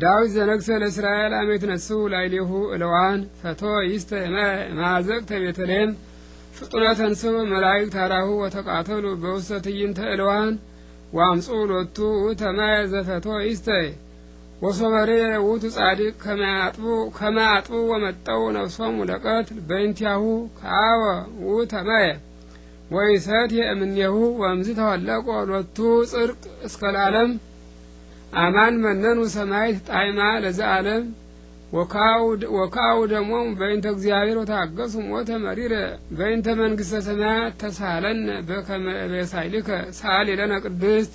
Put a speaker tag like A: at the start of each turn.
A: ዳዊት ዘነግሰ ለእስራኤል አሜት ነሱ ላዕሌሁ እለዋን ፈቶ ይስተ ማዘቅተ ቤተልሔም ፍጡነ ተንሥኡ መላእክት ታራሁ ወተቃተሉ በውስተ ትይንተ እለዋን ዋምፁ ሎቱ ተማየ ዘፈቶ ይስተ ወሶበሬ ውቱ ጻድቅ ከማያጥቡ ወመጠው ነፍሶም ለቀት በእንቲአሁ ከአወ ውእተ ማየ ወይሰት የእምኔሁ ወምዝ ተወለቆ ሎቱ ጽርቅ እስከ ለዓለም አማን መነኑ ሰማይት ጣይማ ለዛ ዓለም ወካው ደግሞ በእንተ እግዚአብሔር ወታገሱ ሞተ መሪረ በእንተ መንግስተ ሰማያት ተሳለነ በከመ
B: ቤሳይልከ ሳሌ ለነ ቅድስት